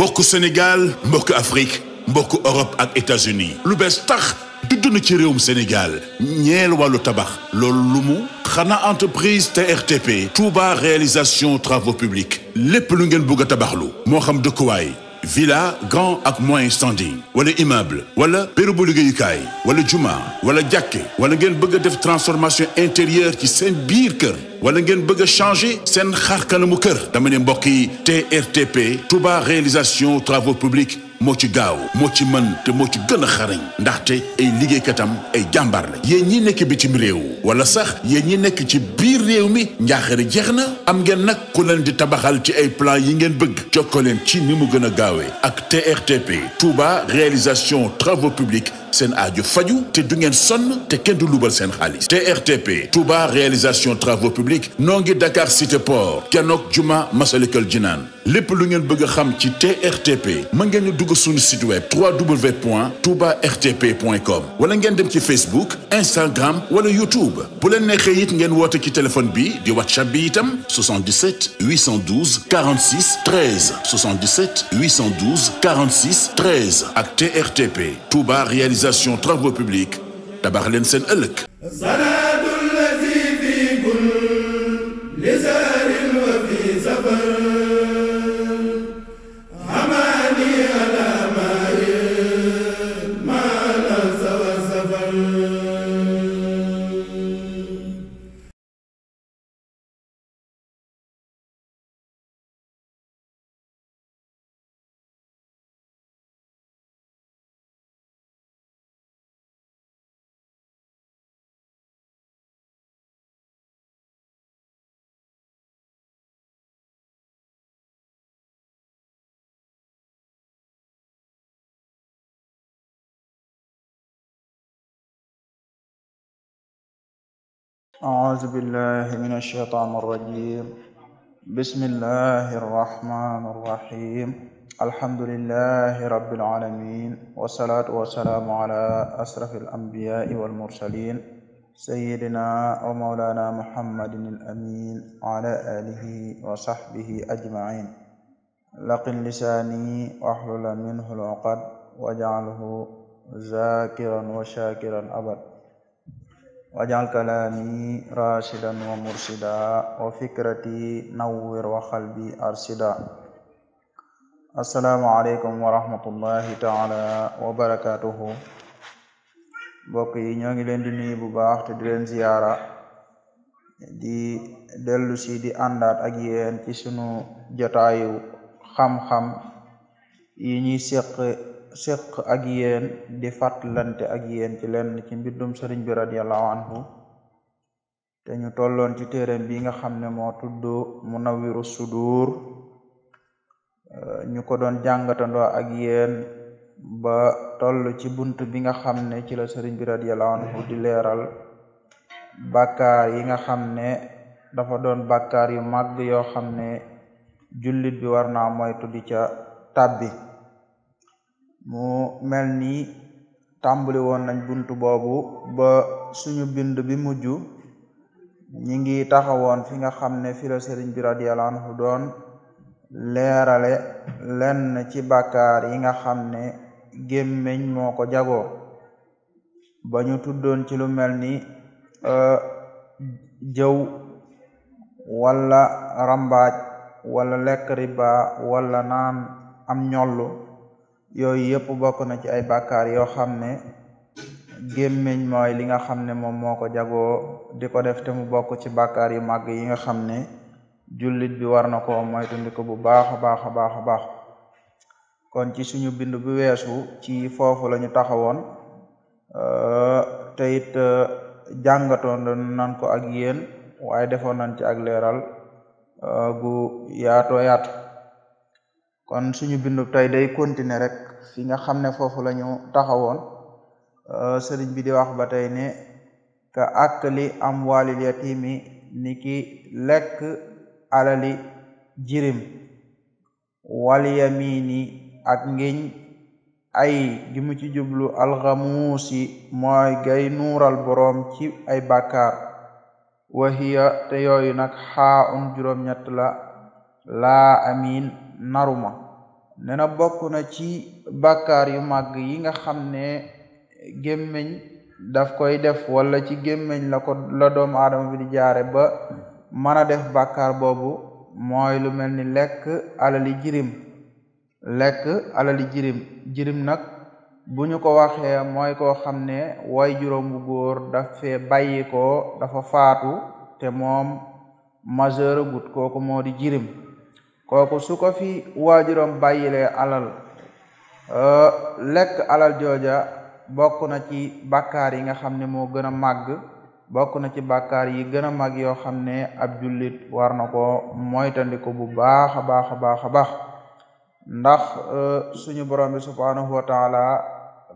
mbokk Sénégal mbokk Afrique mbokk Europe ak États-Unis lu bees tax dudd na ci réewum Sénégal ñeel wàllu tabax loolu lu mu xanaa entreprise TRTP Touba réalisation travaux publics lépp lu ngeen bëgg a lu moo xam dëkkuwaay villa gan ak moyen standing wala immeuble wala bérébu liggéeyukaay wala juma wala jàkke wala ngeen bëgg a def transformation intérieure ci seen biir kër wala ngeen bëgg a changer seen xar kër dama ne mbokk yi TRTP Touba réalisation travaux publics moo ci gaaw moo ci mën te moo ci gën a xarañ ndaxte ay liggéeykatam ay jàmbaar la yéen ñi nekk bitim réew wala sax yéen ñi nekk ci biir réew mi njaaxare jeex na am ngeen nag ku leen di tabaxal ci ay plan yi ngeen bëgg jokkoo ci ni mu gën a gaawee ak TRTP Touba réalisation travaux publics seen aaju faju te du ngeen sonn te kenn du lubal seen xaalis TRTP Touba réalisation travaux publics noo ngi Dakar Cité Port Kenok Juma Masalikal Jinaan lépp lu ngeen bëgg a xam ci TRTP mën ngeen dugg suñu site web www.toubartp.com wala ngeen dem ci Facebook Instagram wala YouTube bu leen neexee it ngeen woote ci téléphone bi di WhatsApp bi itam 77 812 46 13 77 812 46 13 ak TRTP Touba réalisation réalisation travaux publics tabax leen seen ëllëg salaatu lazi fi kun li saarin wa fi safar أعوذ بالله من الشيطان الرجيم بسم الله الرحمن الرحيم الحمد لله رب العالمين والصلاة والسلام على أشرف الأنبياء والمرسلين سيدنا ومولانا محمد الأمين وعلى آله وصحبه أجمعين لقن لساني واحلل منه العقد واجعله ذاكرا وشاكرا أبدا wajal kalaami rashidan wa mursida wa fikrati nawwir wa xalbi arsida assalaamu aleykum wa rahmatullahi taala wa barakatuhu mbokk yi ñoo ngi leen di nuyu bu baax te di leen ziyaara di dellusi di àndaat ak yéen ci sunu jotaayu xam-xam yi ñuy séq séq ak yéen di fàttalante ak yéen ci lenn ci mbindum sëriñ bi radiallahu anhu te ñu tolloon ci téereem bi nga xam ne moo tudd Munawwiru Sudur ñu ko doon jàngatandoo ak yéen ba toll ci bunt bi nga xam ne ci la sëriñ bi radiallahu anhu di leeral bàkkaar yi nga xam ne dafa doon bàkkaar yu màgg yoo xam ne jullit bi war naa moytu di ca tàbbi mu mel ni tàmbali woon nañ buntu boobu ba suñu bind bi mujj ñi ngi taxawoon fi nga xam ne fi la sëriñ bi radiyallahu anhu doon leerale lenn ci bàkkaar yi nga xam ne gémmiñ moo ko jagoo ba tuddoon ci lu mel ni euh, jëw wala rambaaj wala lekk riba wala naan am ñollu yooyu yëpp bokk na ci ay bàkkaar yoo xam ne gémmiñ mooy li nga xam ne moom moo ko jagoo di ko def te mu bokk ci bàkkaar yu màgg yi nga xam ne jullit bi war na ko moytandiku bu baax a baax a baax a baax kon ci suñu bind bu weesu ci foofu la ñu taxawoon te it jàngatoon nan ko ak yéen waaye defoon nañ ci ag leeral gu yaatoo kon suñu bindu tey day continuer rek fi nga xam ne foofu la ñu taxawoon euh, sëriñ bi di wax ba tey ne ka am amwaalil yatimi ni ki lekk alali jirim wal yamini ak ngiñ ay gi ci jublu alxamuusi mooy gay nuural boroom ci ay bàkkaar waxiya te yooyu nag xaa un juróom-ñett la laa naruma nee na bokk na ci bàkkaar yu màgg yi nga xam ne gémmiñ daf koy def wala ci gémmiñ la ko la doomu aadama bi di jaare ba mën def bàkkaar boobu mooy lu mel ni lekk alali jirim lekk alali jirim jirim nag bu ñu ko waxee mooy koo xam ne way juróom bu góor daf fee bàyyi dafa faatu te moom majeur gut kooku moo di jirim kooku su ko fi waajuram bàyyilee alal euh, lekk alal jooja bokk na ci bàkkaar yi nga xam ne moo gën a màgg bokk na ci bàkkaar yi gën a màgg yoo xam ne ab jullit war na ko moytandiku bu baax a baax baax a baax ndax euh, suñu borom bi subhanahu wa taala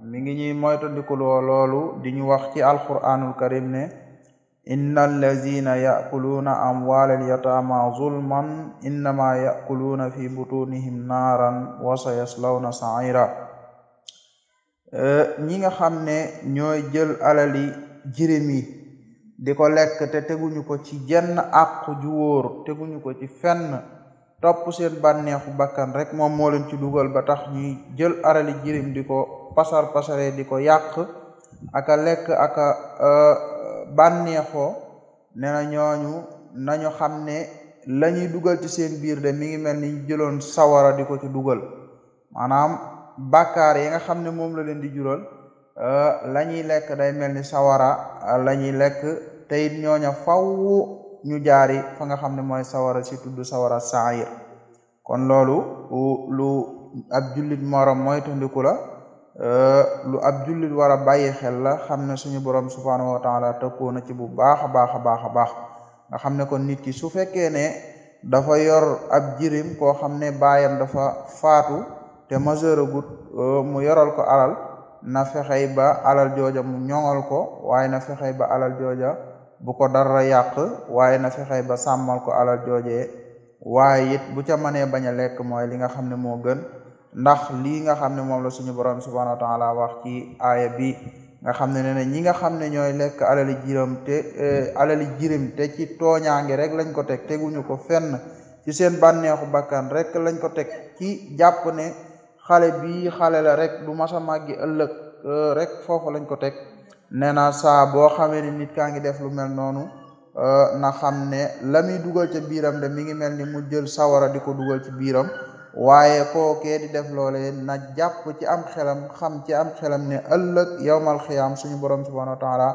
mi ngi ñuy moytandiku loo loolu di ñu wax ci alquranul karim ne innal lazina ya'kuluna amwalal yatama zulman innama ya'kuluna fi butunihim naaran wa sayaslawna sa'ira ñi nga xam ne ñooy jël alali jirim yi di ko lekk te teguñu ko ci jenn ak ju wóor teguñu ko ci fenn topp seen bànneexu bakkan rek moom moo leen ci dugal ba tax ñuy jël alali jirim di ko pasar pasare di ko yàq aka lekk aka bànneexoo nee na ñooñu nañu xam ne la dugal ci seen biir de mi ngi mel ni ñu jëloon sawara di ko ci dugal maanaam bakaar yi nga xam ne moom la leen di jural euh, la ñuy lekk day mel ni sawara la ñuy lekk tey it ñooña faw ñu jaari fa nga xam ne mooy sawara si tudd sawara saayir kon loolu lu ab jullit morom mooy tundiku la Euh, lu ab jullit war a bàyyi xel la xam ne suñu borom subhaanahu wa taala tëkkoo na ci bu baax a baax a baax a baax nga xam ne kon nit ki su fekkee ne dafa yor ab jirim koo xam ne baayam dafa faatu te majeur agut euh, mu yoral ko alal na fexey ba alal jooja mu ñoŋal ko waaye na fexey ba alal jooja bu ko dara yàq waaye na fexey ba sàmmal ko alal joojee waaye it bu ca mënee bañ a lekk mooy li nga xam ne moo gën ndax lii nga xam ne moom la suñu borom subhanahu wa taala wax ci aaya bi nga xam ne nee na ñi nga xam ne ñooy lekk alali jiram te eh, alali jirim te ci tooñaange rek lañ ko teg teguñu ko fenn ci seen bànneexu bakkan rek lañ ko teg ci jàpp ne xale bi xale la rek du masa màggi ëllëg eh, rek foofu lañ ko teg nee na saa boo xamee ni nit kaa ngi def lu mel noonu eh, na xam ne la dugal ci biiram de mi ngi mel ni mu jël sawara di ko dugal ci biiram waaye koo kee di def loole na jàpp ci am xelam xam ci am xelam ne ëllëg yowmal xiyaam suñu borom subhanahu wa taala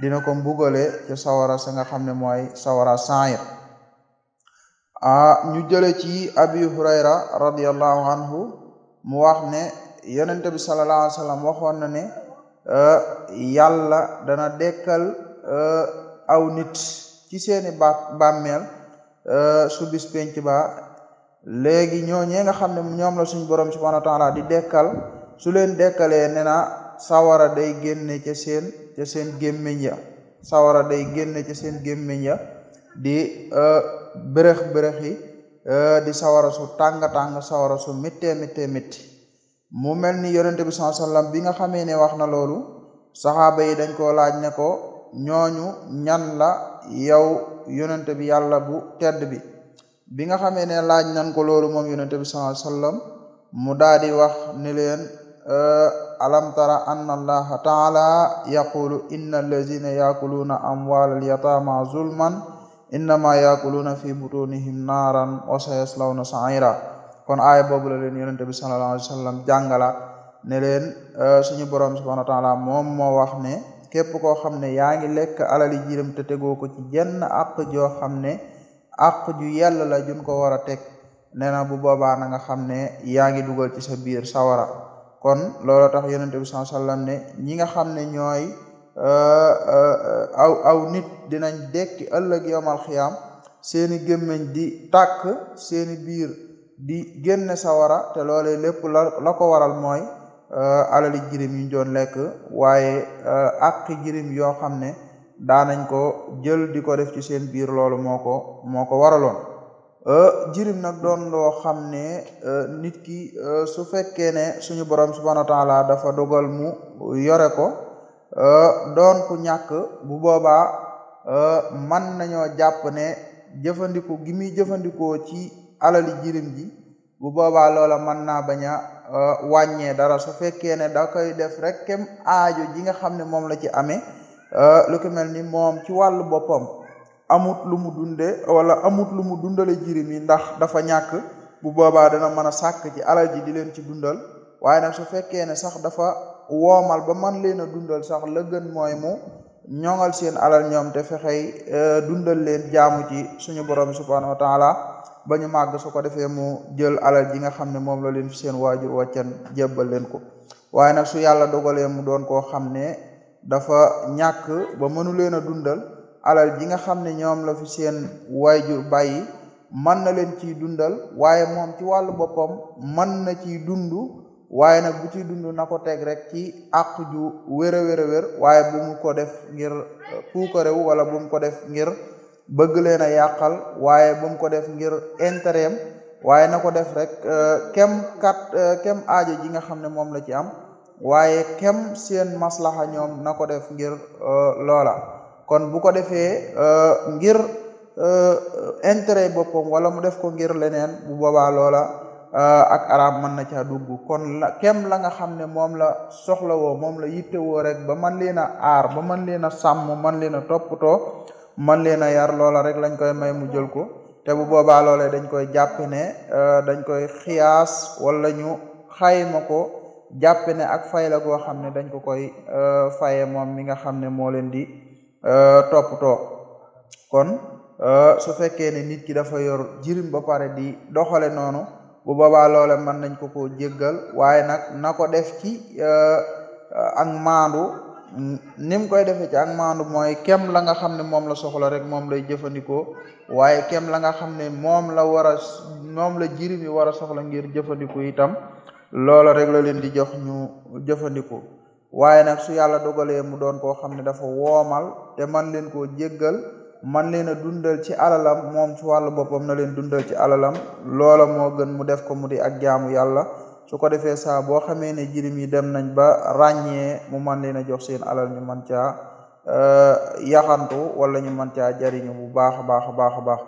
dina ko mbugale ci sawara sa xam ne mooy sawara saayir a ñu jële ci abi hurayra radiallahu anhu mu wax ne yonente bi sallallahu alayhi wa sallam waxoon na ne e, yàlla dana dekkal e, aw nit ci seeni ba bàmmeel e, su bis penc ba léegi ñooñee nga xam ne ñoom la suñ borom subhanahu wa taala di dekkal su leen dekkalee nee na sawara day génne ca seen gémmiñ ya sawara day génne ca seen gémmiñ ya di euh, bërëx bërëx yi euh, di sawara su tàng-tàng sawara su mittee mittee mitti mu mel ni yonente bi sallallahu alayhi bi nga xamee ne wax na loolu saxaaba yi dañ koo laaj ne ko ñooñu ñan la yow yonente bi yàlla bu tedd bi bi nga xamee ne laaj nan ko loolu moom yonent bi sallallahu alayhi mu daal di wax ne leen euh, alam an anna allaha taala yaqulu inna allazina yaakuluuna amwaalal yataama zulman innama yaakuluuna fi butunihim naaran wa sayaslawna sa'ira kon aaya boobu la leen yonent bi sallallahu alayhi wasallam jàngala ne leen euh, suñu borom subhanahu taala moom moo wax ne képp koo xam ne yaa ngi lekk alali jiram te tegoo ko ci jenn àq joo xam ne àq ju yàlla la jun ko war a teg nee na bu boobaa na nga xam ne yaa ngi dugal ci sa biir sawara kon looloo tax yonente bi sallallahu alayhi wasallam ne ñi nga xam ne ñooy euh, euh, aw aw nit dinañ dekki ëllëg yowmal xiyaam seeni gémmiñ di tàkk seeni biir di génne sawara te loole lépp la la ko waral mooy euh, alali jirim yuñ doon lekk waaye àqi jirim yoo xam ne daanañ ko jël di ko def ci seen biir loolu moo ko moo ko waraloon euh, jirim nag doon loo xam ne euh, nit ki euh, su fekkee ne suñu borom subhanahu wa taala dafa dogal mu yore ko doon ku ñàkk bu boobaa man nañoo jàpp ne jëfandiku gi muy jëfandikoo ci alali jirim ji bu boobaa loola mën naa bañ a wàññee dara su fekkee ne da koy def rek kem aajo ji nga xam ne moom la ci amee Euh, lu ko mel ni moom ci wàllu boppam amut lu mu dunde wala amut lu mu dundale jirim yi ndax dafa ñàkk bu boobaa dana mën a sàkk ci alal ji di leen ci dundal waaye nag su fekkee ne sax dafa woomal ba man leen a dundal sax la gën mooy mu ñoŋal seen alal ñoom te fexey euh, dundal leen jaamu ci suñu borom subhanahu wa taala ba ñu màgg su ko defee mu jël alal ji nga xam ne moom la leen seen waajur wàccan jébbal leen ko waaye nag su yàlla dogalee mu doon koo xam ne dafa ñàkk ba mënu leen a dundal alal ji nga xam ne ñoom la fi seen waajur bàyyi mën na leen ciy dundal waaye moom ci wàllu boppam mën na ci dund waaye nag bu ciy dund na ko teg rek ci àq ju wér a wér waaye bu mu ko def ngir euh, puukarewu wala bu mu ko def ngir bëgg leen a yàqal waaye bu mu ko def ngir intérêt am waaye na ko def rek euh, kem kat euh, kem aajo ji nga xam ne moom la ci am waaye kem seen maslaha ñoom na ko def ngir euh, loola kon bu ko defee euh, ngir euh, intérêt boppam wala mu def ko ngir leneen bu boobaa loola ak araam mën na caa dugg kon la kem la nga xam ne moom la soxla woo moom la yitte woo rek ba man leen a aar ba man leen a sàmm man leen a toppatoo man leen a yar loola rek lañ koy may mu jël ko te bu boobaa loolee dañ koy jàpp ne dañ koy xiyaas wala ñu xayma ko jàppe ne ak fay la goo xam ne dañ ko koy euh, faye moom mi nga xam ne moo leen di euh, toppatoo kon euh, su fekkee ne nit ki dafa yor jirim ba pare di doxale noonu bu boobaa loole mën nañ ko ko jéggal waaye nag na ko def ci ak maandu ni koy defee ci ak maandu mooy kem la nga xam ne moom la soxla rek moom lay jëfandikoo waaye kem la nga xam ne moom la war a moom la jirim yi war a soxla ngir jëfandiku itam loola rek la leen di jox ñu jëfandikoo waaye nag su yàlla dogalee mu doon koo xam ne dafa woomal te man leen ko jéggal man leen a dundal ci alalam moom ci wàllu boppam na leen dundal ci alalam loola moo gën mu def ko mu di ak jaamu yàlla su ko defee saa boo xamee ne jirim yi dem nañ ba ràññee mu man leen a jox seen alal ñu man caa euh, yaxantu wala ñu man caa jariñu bu baax a baax a baax a baax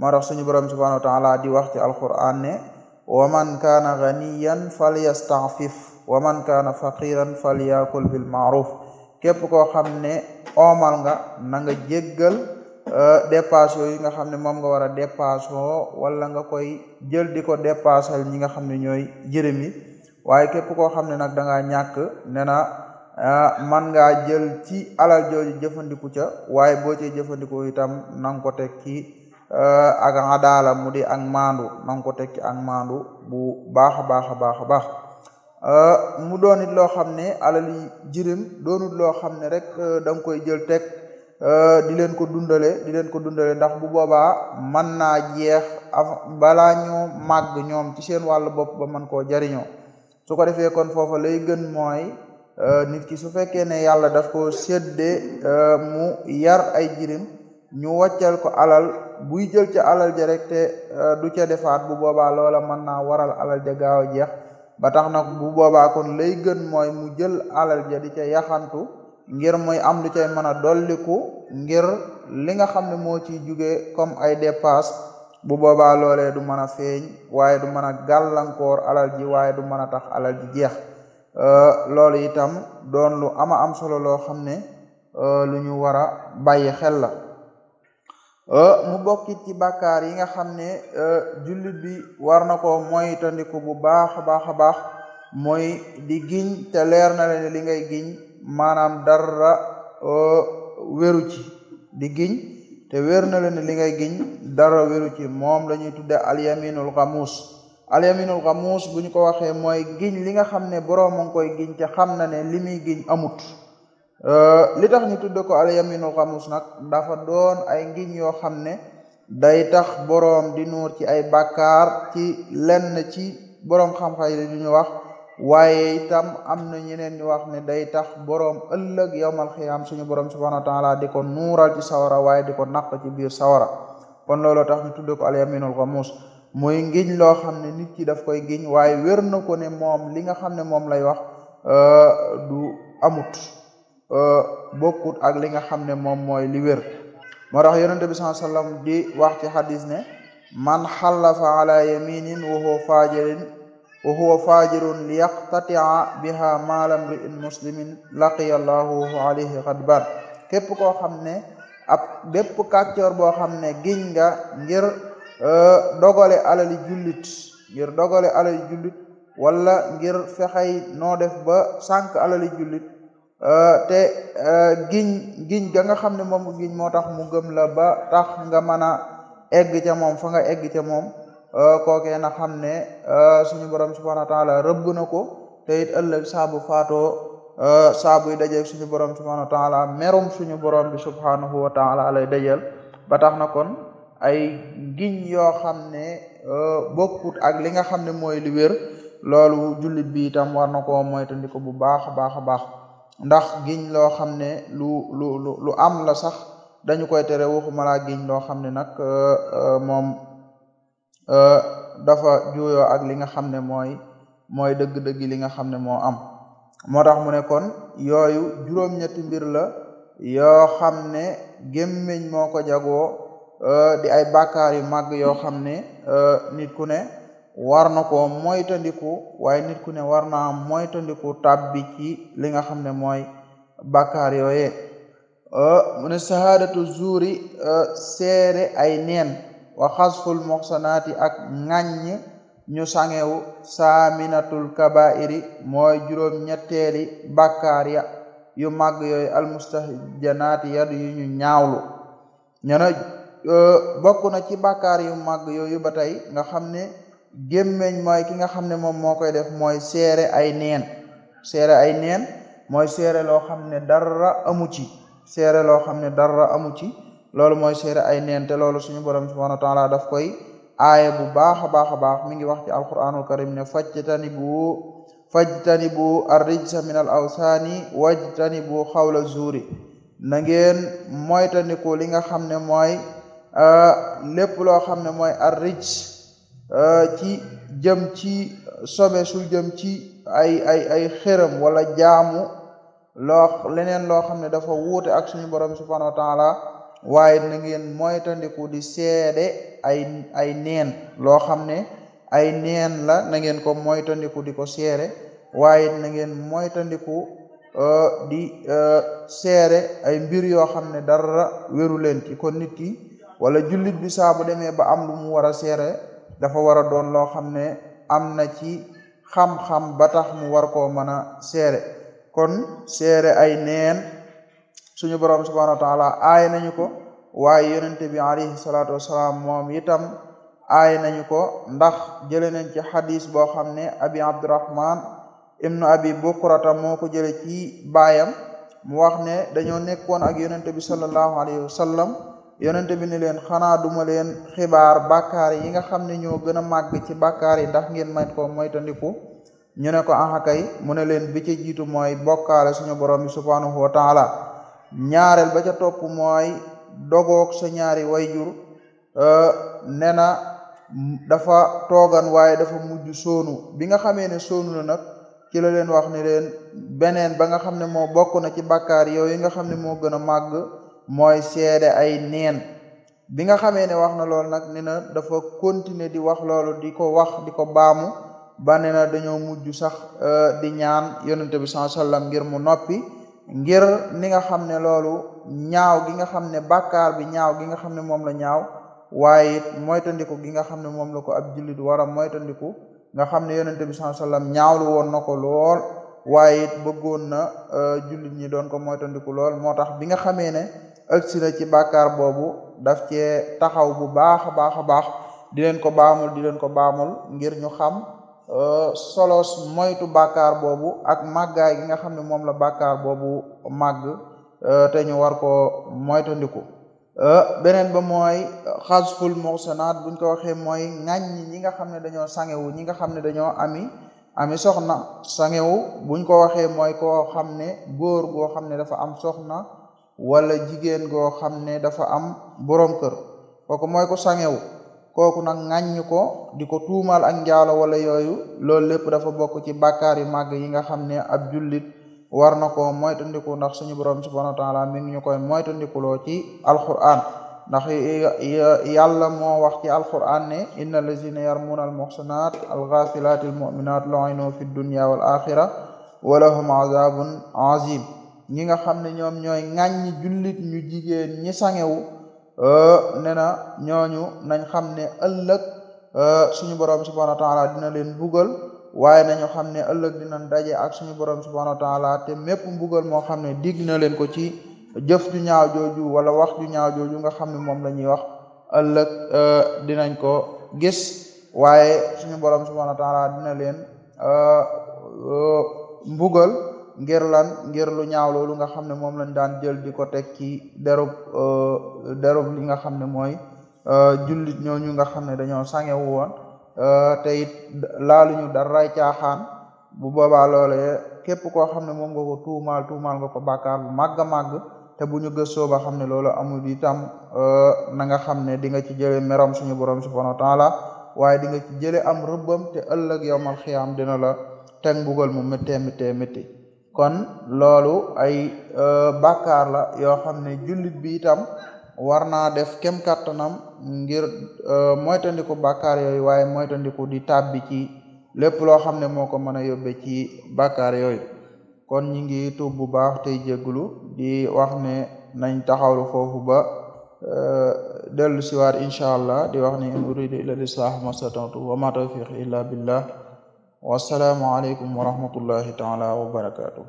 moo tax suñu borom subhanahu wa taala di wax ci alquran ne wa man kaana ganiyan falyastaafif wa man kaana faqiran falyakul bil maaruf képp koo xam ne oomal nga na nga jéggal euh, dépasse yooyu nga xam ne moom nga war a dépasse wala nga koy jël di ko dépassal ñi nga xam ne ñooy jërëm yi waaye képp koo xam ne nag da ngaa ñàkk ne na euh, man nga jël ci alal jooju jëfandiku ca waaye boo cee jëfandiku itam na nga ko teg Eh, ak daala mu di ak maandu nang ko tekki ak maandu bu baax a baax a baax a baax eh, mu doon loo xam ne alal yi jirim doonut loo xam ne rek eh, da koy jël teg di leen ko dundale di leen ko dundale ndax bu boobaa man naa jeex balaa ñoo màgg ñoom ci seen wàllu bopp ba mën koo jariñoo su ko kon foofa lay gën mooy nit ki su fekkee ne yàlla daf ko séddee mu yar ay jirim ñu wàccal ko alal buy jël ca alal ja rek te euh, du ca defaat bu boobaa loola mën naa waral alal gaaw a jeex ba tax nag bu boobaa kon lay gën mooy mu jël alal ja di ca yaxantu ngir mooy am lu cay mën a dolliku ngir li nga xam ne moo ciy jóge comme ay dépasse bu boobaa loolee du mën a feeñ waaye du mën a gàllankoor alal ji waaye du mën a tax alal ji jeex euh, loolu itam doon lu ama am solo loo xam ne euh, lu ñu war a bàyyi xel la Euh, mu bokkit ci bàkkaar yi nga xam ne euh, jullit bi war na ko moytandiku bu baax a baax a baax mooy di giñ te leer na leen li ngay giñ maanaam dara euh, wéru ci di giñ te wér na leen li ngay giñ dara wéru ci moom la ñuy tudde alyaminul xamuus alyaminul xamuus bu ñu ko waxee mooy giñ li nga xam ne boroom a koy giñ te xam na ne li muy giñ amut Euh, li tax ñu tudde ko al yaminul xamus nag dafa doon ay ngiñ yoo xam ne day tax boroom di nuur ci ay bakaar ci lenn ci boroom xam-xam yi ñu wax waaye itam am na ñeneen ñu wax ne day tax boroom ëllëg yowmal xiyaam suñu boroom subhanahu wa taala di ko nuural ci sawara waaye di ko naq ci biir sawara kon looloo tax ñu tudde ko al yaminul xamus moy ngiñ loo xam ne nit ki daf koy giñ waaye wér na ko ne moom li nga xam ne moom lay wax euh, du amut Euh, bokkut ak li nga xam ne moom mooy li wér moo tax yonente bi sallallahu alayhi wasallam di xadis ne man xallafa ala yaminin wa huwa fajirin wa huwa fajirun li yaqtatia biha mala mri'in muslimin laqiya allahu alayhi xadban képp koo xam ne ab bépp kàccoor boo xam ne giñ nga ngir euh, dogale alali jullit ngir dogale alali jullit wala ngir fexey noo def ba sànk alali jullit Eh, te eh, giñ giñ ga nga xam ne moom giñ moo tax mu gëm la ba tax nga mën a egg ca moom fa nga egg ca moom eh, kookee na xam ne suñu borom subhanahu wa taala rëbb na ko te it ëllëg saabu faatoo daje dajeeg suñu borom subhanahu wa taala merum suñu borom bi subhanahu wa taala lay dajal ba tax na kon ay giñ yoo xam ne bokkut ak li nga xam ne mooy li wér loolu jullit bi itam war na koo moytandi ko bu baax a baax a baax ndax giñ loo xam ne lu lu lu am la sax dañu koy tere waxuma laa giñ loo xam ne nag euh, euh, moom euh, dafa juuyoo ak li nga xam ne mooy mooy dëgg-dëgg li nga xam ne moo am moo tax mu ne yooyu juróom-ñetti mbir la yoo xam ne gémmiñ moo ko jagoo di ay bàkkaar yu màgg yoo xam ne nit ku ne war na koo moytandiku waaye nit ne war naa moytandiku tàbbi ci li nga xam ne mooy bàkkaar yooyee mu ne sahaadatu zuuri seere ay neen wa xasful moxsanaati ak ŋàññ ñu sangewu saaminatul kabairi mooy juróom ñetteeli bàkkaar ya yu màgg yooyu almustahjanaati yadu yu ñu ñaawlu ñena na ci bàkkaar yu màgg yooyu ba tey nga xam ne gémmeñ mooy ki nga xam ne moom moo koy def mooy seere ay neen seere ay neen mooy seere loo xam ne dara amu ci seere loo xam ne dara amu ci loolu mooy seere ay neen te loolu suñu borom subhanahu wa taala daf koy aaya bu baax a baax a baax mi ngi wax ci alquranul karim ne fajtanibu fajtanibu arrijsa min al awsaani wajtanibu xawla zuuri na ngeen moytandiku li nga xam ne mooy euh, lépp loo xam ne mooy arrijs Euh, ci jëm ci sobe su jëm ci ay ay ay xëram wala jaamu loo leneen loo xam ne dafa wuute ak suñu borom subhanahu wa taala waaye na ngeen moytandiku di seede ay ay neen loo xam ne ay neen la na ngeen ko moytandiku di ko seere waaye na ngeen moytandiku euh, di euh, seere ay mbir yoo xam ne dara wéru leen ci kon nit ki wala jullit bi saa bu demee ba am lu mu war a seere dafa war a doon loo xam ne am na ci xam-xam ba tax mu war koo mën a seere kon seere ay neen suñu borom subhanahu wa taala aay nañu ko waaye yonente bi alayhi salaatu wasalaam moom itam aay nañu ko ndax jële nañ ci xadiis boo xam ne abi abdurahman ibnu abi bukrata moo ko jële ci baayam mu wax ne dañoo nekkoon ak yonente bi sallallahu alayhi wa yonente bi ni leen xanaa duma leen xibaar bàkkaar yi nga xam ne ñoo gën a màgg ci bàkkaar yi ndax ngeen may ko moytandiku ñu ne ko axakay mu ne leen bi ca jiitu mooy bokkaale suñu borom bi subhanahu wa taala ñaareel ba ca topp mooy dogoog sa ñaari wayjur euh, ne na dafa toogan waaye dafa mujj soonu bi nga xamee ne soonu na nag ci la leen wax ne leen beneen ba nga xam ne moo bokk na ci bàkkaar yow yi nga xam ne moo gën a màgg mooy seede ay neen bi nga xamee ne wax na loolu nag ne na dafa continuer di wax loolu di ko wax di ko baamu ba ne na dañoo mujj sax euh, di ñaan yonente bi sallallahu ngir mu noppi ngir ni nga xam ne loolu ñaaw gi nga xam ne bàkkaar bi ñaaw gi nga xam ne moom la ñaaw waaye it moytandiku gi nga xam ne moom la ko ab jullit war a moytandiku nga xam ne yonente bi sallallahu ñaawlu woon na ko lool waaye it bëggoon na euh, jullit ñi doon ko moytandiku lool moo tax bi nga xamee ne egsi na ci bàkkaar boobu daf cee taxaw bu baax a baax a baax di leen ko baamul di leen ko baamul ngir ñu xam euh, solos moytu bàkkaar boobu ak màggaay gi nga xam ne moom la bàkkaar boobu màgg euh, te ñu war ko moytandiku euh, beneen ba mooy xasful muhsanaat buñ ko waxee mooy ŋàññi ñi nga xam ne dañoo sangewu ñi nga xam ne dañoo ami ami soxna sangewu buñ ko waxee mooy koo xam ne góor goo xam ne dafa am soxna wala jigéen goo xam ne dafa am borom kër kooku mooy ko sangewu kooku nag ŋàññ ko di ko tuumaal ak njaalo wala yooyu loolu lépp dafa bokk ci bàkkaar yu màgg yi nga xam ne ab jullit war na ko moytandiku ndax suñu borom subhanahu wa taala mi ngi ñu koy moytandikuloo ci alquran ndax yàlla moo wax ci alquran ne inna allazina yarmuuna almuhsanat alghafilat almuminat lu'inu fi dunya wal axira wa lahum azabun ñi nga xam ne ñoom ñooy ŋàññi jullit ñu jigéen ñi sangewu euh, ne na ñooñu nañ xam ne ëllëg euh, suñu borom subhanahu wa taala dina leen bugal waaye nañu xam ne ëllëg dinañ daje ak suñu borom subhanahu wa taala te mépp mbugal moo xam ne digg na leen ko ci jëf ju ñaaw jooju wala wax ju ñaaw jooju nga xam ne moom la ñuy wax ëllëg euh, dinañ ko gis waaye suñu borom subhanahu wa taala dina leen mbugal ngir lan ngir lu ñaaw loolu nga xam ne moom lañ daan jël di ko teg ci derub euh, derub li nga xam ne mooy euh, jullit ñooñu nga xam ne dañoo sangewu woon euh, te it laaluñu daray caaxaan bu boobaa loolee képp koo xam ne moom nga ko tuumaal tuumaal nga ko bàkkaar bu màgg te bu ñu gëstoo ba xam ne loolu amul itam na nga xam ne di nga ci jële merom suñu borom subhanahu wa taala waaye dinga ci jële am rëbbam te ëllëg yowmal xiyaam dina la teg mbugal mu méttee méttee métti kon loolu ay euh, bakar la yoo xam ne bi itam war naa def kem kàttanam ngir euh, moytandiku bàkkaar yooyu waaye moytandiku di tàbbi ci lépp loo xam ne moo ko mën a yóbbe ci bàkkaar yooyu kon ñi ngi tuub bu baax tey jégglu di wax ne nañ taxawlu foofu ba euh, dellu siwaat incha allah di wax ne in uridu illa l islah mastata'tu wa ma tawfiq illa wassalaamu aleykum wa rahmatullahi taala wa barakaatu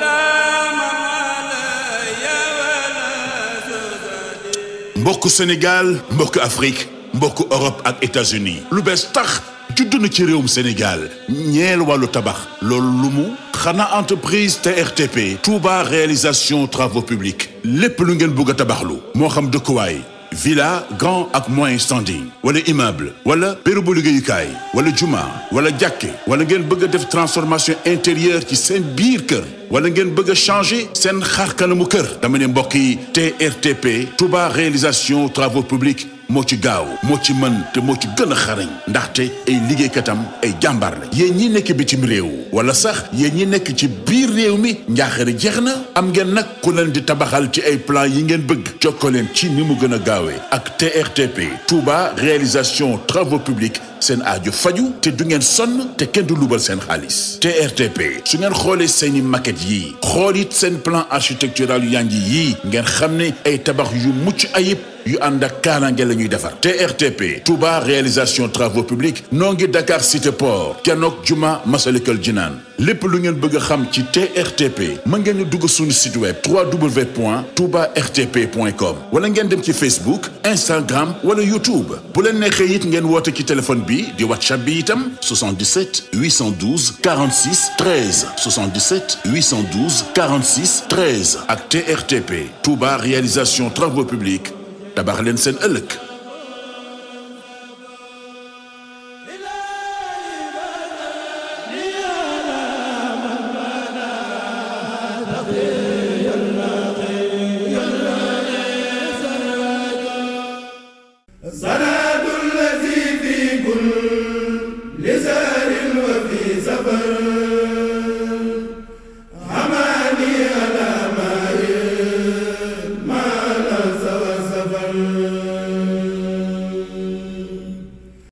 la mbokk Sénégal mbokk Afrique mbokk Europe ak États-Unis lu bees tax juddu na ci réewum Sénégal ñeel wàllu tabax loolu lu mu xanaa entreprise TRTP Touba réalisation travaux publics lépp lu ngeen bëgg a tabaxlu moo xam dëkkuwaay villa grand ak moyen standing wala immeuble wala bérébu liggéeyukaay wala juma wala jàkke wala ngeen bëgg a def transformation intérieure ci seen biir kër wala ngeen bëgg changé changer seen xarkanamu kër dama ne mbokk yi TRTP Touba réalisation travaux publics moo ci gaaw moo ci mën te moo ci gën a xarañ ndaxte ay liggéeykatam ay jàmbaar la yéen ñi nekk bi bitim réew wala sax yéen ñi nekk ci biir réew mi njaaxari jeex na am ngeen nag ku leen di tabaxal ci ay plan yi ngeen bëgg jokkoo leen ci ni mu gën a gaawee ak TRTP Touba réalisation travaux publics seen aajo faju te du ngeen sonn te kenn du lubal seen xaalis TRTP su ngeen xoolee seeni maquette yi xool it seen plan architectural yu yaa ngi yii ngeen xam ne ay tabax yu mucc ayib yu ànd ak kaaraange ñuy defar TRTP Touba réalisation travaux publics noo ngi Dakar Cité Port kenook Juma Masalikul Jinaan lépp lu ngeen bëgg a xam ci TRTP mën ngeen dugg suñu site web www.toubartp.com wala ngeen dem ci Facebook Instagram wala YouTube bu leen neexee it ngeen woote ci téléphone bi di WhatsApp bi itam 77 812 46 13 77 812 46 13 ak TRTP Touba réalisation travaux publics tabax leen seen ëllëg.